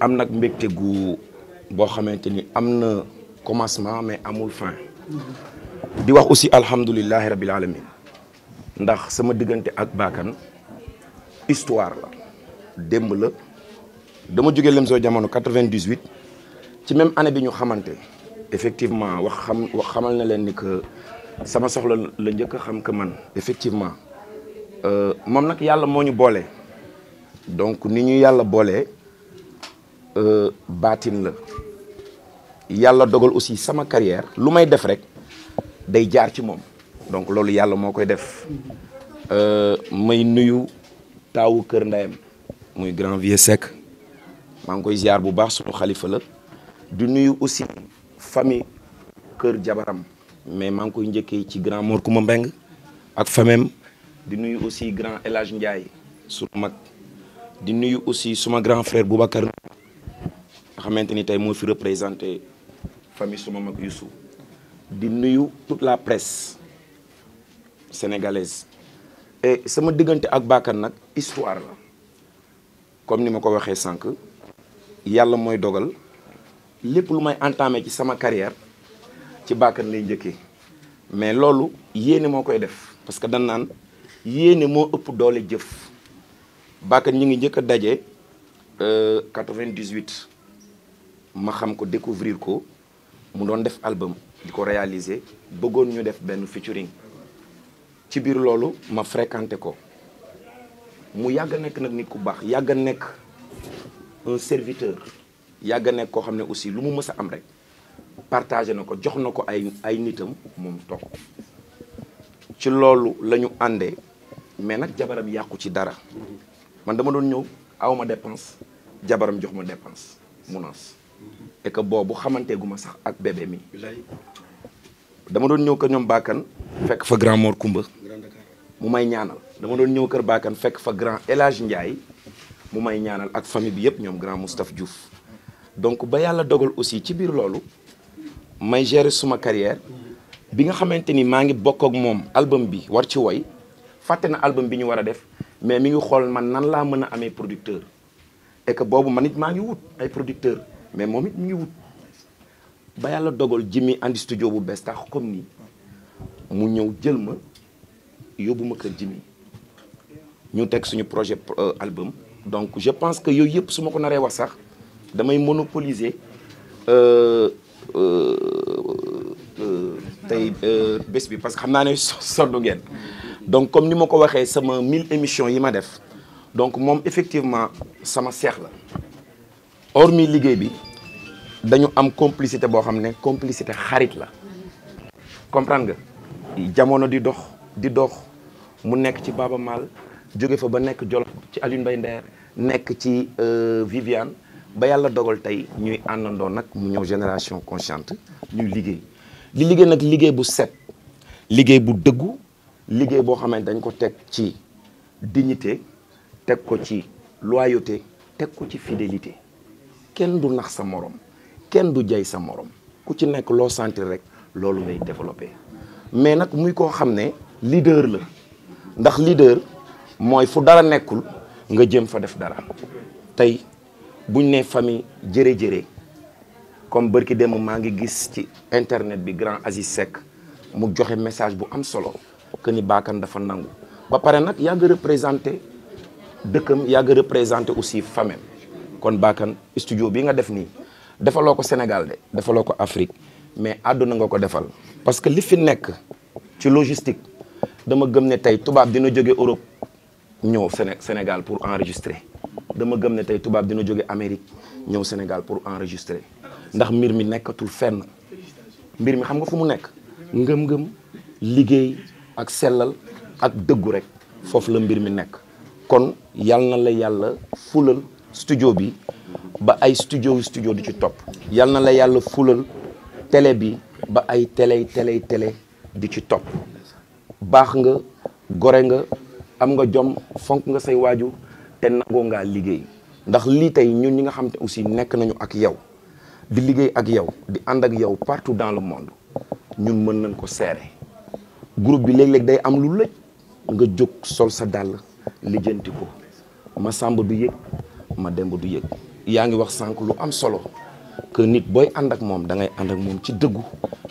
am nag mbégte boo xamante ni am na commencement mais amul fin di wax aussi alhamdulilahi rabil alamin ndax sama diggante ak Bakane histoire la démb la dama jógee lem soo jamono 98 ci même année bi ñu xamante effectivement wax xam xamal na leen ni que sama soxla la njëkk a xam que man effectivement euh, moom nag yàlla moo ñu boole donc ni ñu yàlla boolee Euh, baatin la yàlla dogal aussi sama carrière lu may def rek day jaar ci moom donc loolu yàlla moo koy def euh, may nuyu taawu kër ndayam muy grand vieux Seck maa ngi koy ziar bu baax suñu xalifa la di nuyu aussi famille kër jabaram mais maa ngi koy njëkkee ci grand Mor Kuma Mbeng ak famem di nuyu aussi grand El Hadj Ndiaye sunu mag di nuyu aussi suma grand frère Boubacar xamante ni tey moo fi représenté famille suma mag Youssou di nuyu tout la presse sénégalaise et sama diggante ak Bakar nag histoire la comme ni ma ko waxee sànq yàlla mooy dogal lépp lu may entamé ci sama carrière ci Bakar lay njëkkee mais loolu yéene moo koy def parce que dan naan yéene moo ëpp doole jëf Bakar ñu ngi njëkk a daje 98 euh, ma xam ko découvrir ko mu doon def album di ko réaliser bëggoon ñu def benn featuring ci biir loolu ma fréquenté ko mu yàgg a nekk nag nit ku baax yàgg a nekk un serviteur yàgg a nekk koo xam ne aussi lu mu mës a am rek partagé na ko jox na ko ay ay nitam moom toog ci loolu la ñu àndee mais nag jabaram yàqu ci dara man dama doon ñëw awma dépense jabaram jox ma dépense munas et boobu xamante gu ma sax ak bébé mi. dama doon ñëw kër ñoom bàkkan fekk fa grand Mor Kumba. mu may ñaanal dama doon ñëw kër Bakkan fekk fa grand El Hadj Ndiaye mu may ñaanal ak famille bi yëpp ñoom grand Moustapha Diouf. donc ba yàlla dogal aussi ci biir loolu may gérer suma carrière bi nga xamante ni maa ngi bokk ak moom album bi war ci woy fàtte na album bi ñu war a def mais mi ngi xool man nan laa mën a amee producteur et boobu ma it maa ngi wut ay producteur mais moom it mu ngi wut ba yàlla dogal jimmi andi studio bu bees tax comme nii mu ñëw jël ma yóbbu ma kër jimmi ñu teg suñu projet euh, album donc je pense que yooyu yëpp su ma ko naree wax sax damay monopoliser euh, euh, tey bés bi parce que xam naa ne sonn ngeen donc comme ni ma ko waxee sama mille émissions yi ma def donc moom effectivement sama seex la hormis liggéey bi dañu am complicité boo xam ne complicité xarit la comprend nga jamono di dox di dox mu nekk ci Baba Maal jóge fa ba nekk Jolof ci Alioune Mbaye Nder nekk ci euh, Viviane ba yàlla dogal tey ñuy àndandoo nag mu ñëw génération consciente ñuy liggéey di liggéey nag liggéey bu set liggéey bu dëggu liggéey boo xamante dañ ko teg ci dignité teg ko ci loyauté teg ko ci fidélité kenn du nax sa moroom kenn du jay sa morom ku ci nekk loo sentir rek loolu ngay développé mais nag muy koo xam ne leader la ndax leader mooy fu dara nekkul nga jëm fa def dara tey buñ ne famille jërë-jërë comme bërki démb maa ngi gis ci internet bi grand Aziz Seck mu joxe message bu am solo que ni baakan dafa nangu ba pare nag yaa ngi représenté dëkkam yaa ngi représenté aussi famem kon baakan studio bi nga def nii defaloo ko Sénégal de defaloo ko Afrique mais àdduna nga ko defal parce que li fi nekk ci logistique dama gëm ne tey tubaab dina jóge Europe ñëw Sénégal pour enregistrer dama gëm ne tey tubaab dina jóge Amérique ñëw Sénégal pour enregistrer ndax mbir mi nekkatul fenn mbir mi xam nga fu mu nekk ngëm-ngëm liggéey ak sellal ak dëggu rek foofu la mbir mi nekk kon yal na la yàlla fulal studio bi ba ay studio studio di ci topp yal na la yàlla fulal tele bi ba ay tele télé tele di ci topp baax nga gore nga am nga jom fonk nga say waaju te nangoo ngaa liggéey ndax lii tey ñun ñi nga xam ne aussi nekk nañu ak yow di liggéey ak yow di ànd ak yow partout dans le monde ñun mën nañ ko seere groupe bi léeg-léeg day am lu lëj nga jóg sol sa dàll lijjanti ko Massamba du yëg ma demb du yëg yaa ngi wax sànq lu am solo que nit booy ànd ak moom da ngay ànd ak moom ci dëggu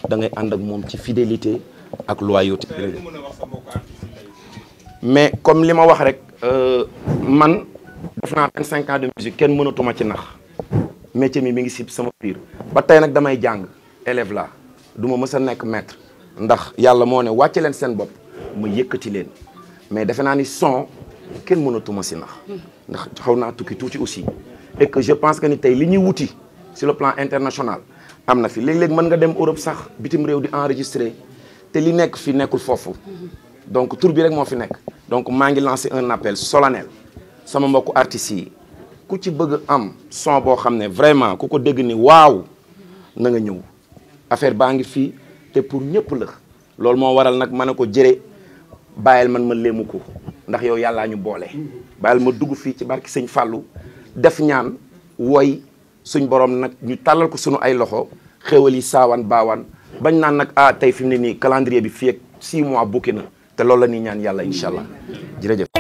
dangay ànd ak moom ci fidélité ak loyauté mais comme li ma wax rek euh, man def naa vingt cinq kenn mënatuma ci nax métier mi mi ngi si sama biir ba tey nag damay jàng élève la du ma mës a nekk maître ndax yàlla moo ne wàcce leen seen bopp ma yëkkati leen mais defe naa ni son kenn mënatuma si nax ndax xaw naa tukki tuuti aussi et je pense que ni tey li ñuy wuti si le plan international am na fi léeg-léeg mën nga dem Europe sax bitim réew di enregistrer te li nekk fi nekkul foofu donc tur bi rek moo fi nekk donc maa ngi lancer un appel solennel sama mbokku artistes yi ku ci bëgg am son boo xam ne vraiment ku ko dégg ni waaw na nga ñëw affaire baa ngi fii te pour ñëpp la loolu moo waral nag ma ne ko jëre bàyyil man ma léemu ko ndax yow yàllaa ñu boole. bàyyil ma dugg fii ci barki sëñ Fallou def ñaan woy suñ borom nag ñu tàllal ko suñu ay loxo xéwal yi saawaan baawaan bañ naan nag ah tey fi mu ne nii calendrier bi fii ak 6 mois bukki na te loolu la ñuy ñaan yàlla incha allah jërëjëf.